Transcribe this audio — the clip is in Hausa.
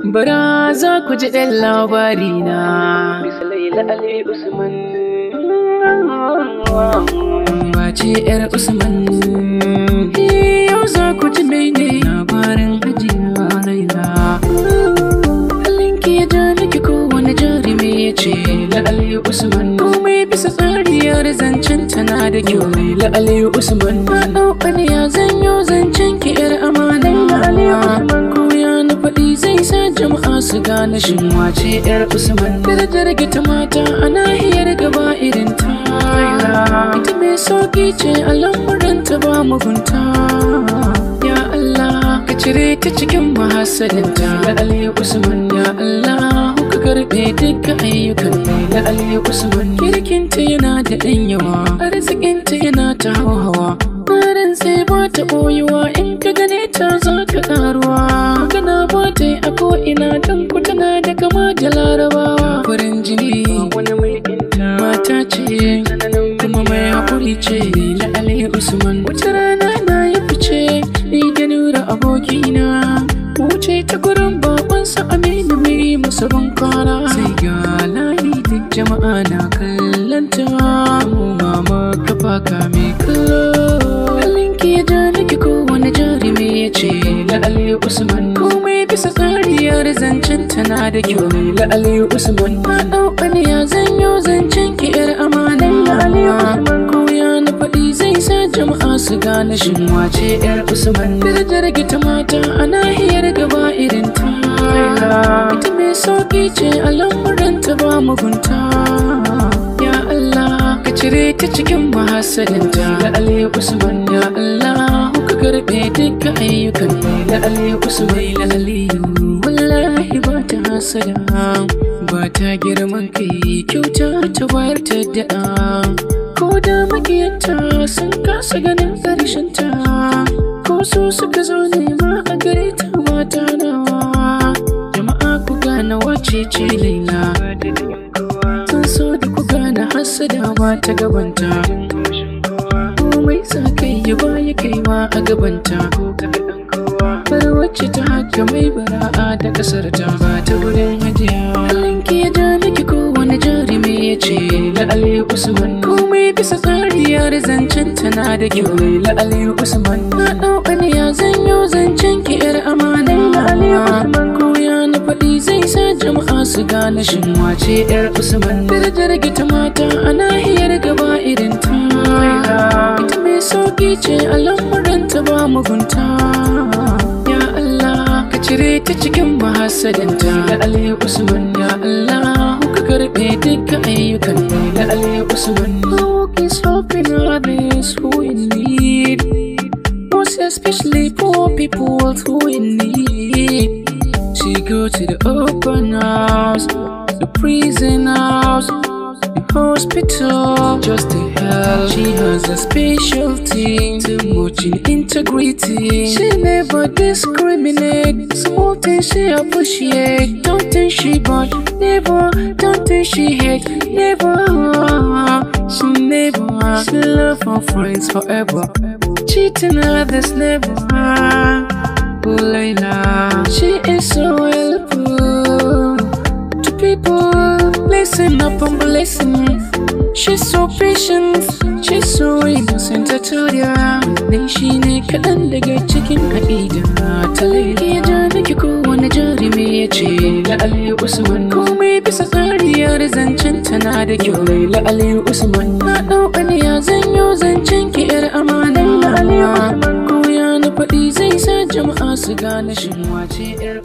Bara za ku ji ɗan labarina na. Wace ‘yar Usman? Yau za ku ji ne? labarin hajiya Laila. Halinki ya ja niki kowane jarumi ya ce la'ali Usman. Komai bisa tsariyar zancen tana da kyau. La'ali Usman. Na ɗauka ya zanyo zancen ki ‘yar amana. la'ali Usman. jama'a su gane shin wace yar usman darajar ta mata a nahiyar gaba irin ta ita mai sauki ce a lamurin ta ba mugunta ya Allah ka cire ta cikin ta. da Ali Usman ya Allah ka karbe duka ayyukan da Ali Usman ta yana da ɗan yawa arzikinta yana ta hawa hawa sai ba ta ɓoyuwa in ka gane ta za ka ƙaruwa ko ina dan kutana da kama da larabawa farin jini mata ce kuma mai hakuri ce na ali usman wata rana na yi fice ni da nura abokina wuce ta gurin babansa aminu mai musu ban kwana sai ga layi duk jama'a na kallanta ta mama kafa kame kallo kallinki ya ja nake kowane jarumi ya ce na ali usman kina da kyau la Aliyu Usman Na ɗauka ne ya zanyo zan ki ƴar amana Laila Aliyu Usman Ko ya na faɗi zai sa jama'a su gane shin wace ƴar Usman da Darajar ta mata a nahiyar gaba irin ta Ita mai sauƙi ce a lamuran ta ba mugunta Ya Allah ka cire ta cikin ta la Aliyu Usman ya Allah ka karɓe duka ayyukan la Aliyu Usman na Aliyu hasada ba ta girman kai kyauta ta bayar ta da'a ko da makiyanta sun kasa ganin ƙarshen ta ko su suka zaune ma a gare ta mata nawa jama'a ku gane wace ce laila sun so da ku gane hasada ba ta gabanta komai sa kai ya baya ma a gabanta wacce ta haka mai bara'a da kasar ta ba ta gudun hajiya Allon ki ya ja miki kowane jarumi ya ce la'ali Usman Komai bisa tsari ya zancen tana da kyau la'ali Usman Na ɗauka ne ya zanyo zancen ki yar amana la'ali Usman ko ya na faɗi zai sa jama'a su gane shin wace yar Usman Darajar gita mata a nahiyar gaba irin ta Ita mai sauki ce a ta ba mugunta ta cikin mahasadanta ya ale usman ya Allah ka karbe duka ayyukan ya ale usman look is helping others who in need most especially poor people who in need she go to the open house the prison house hospital just to help. She has a specialty, too much in integrity. She never discriminate, small things she appreciate. Don't think she but never, don't think she hate, never. She never, she love her friends forever. Cheating others never. Ooh, Layla, she is so She's so patient, she's so innocent ta chicken shi ne kaɗan lot cikin aida ta laifi ya ja miki kowane jarumi ya ce Usman Komai bisa tsari ya zancen tana da kyau Usman Na ɗauka ne ya zanyo zancen ki ƴar amana Ko ya na faɗi zai sa jama'a su gane shin wace ƴar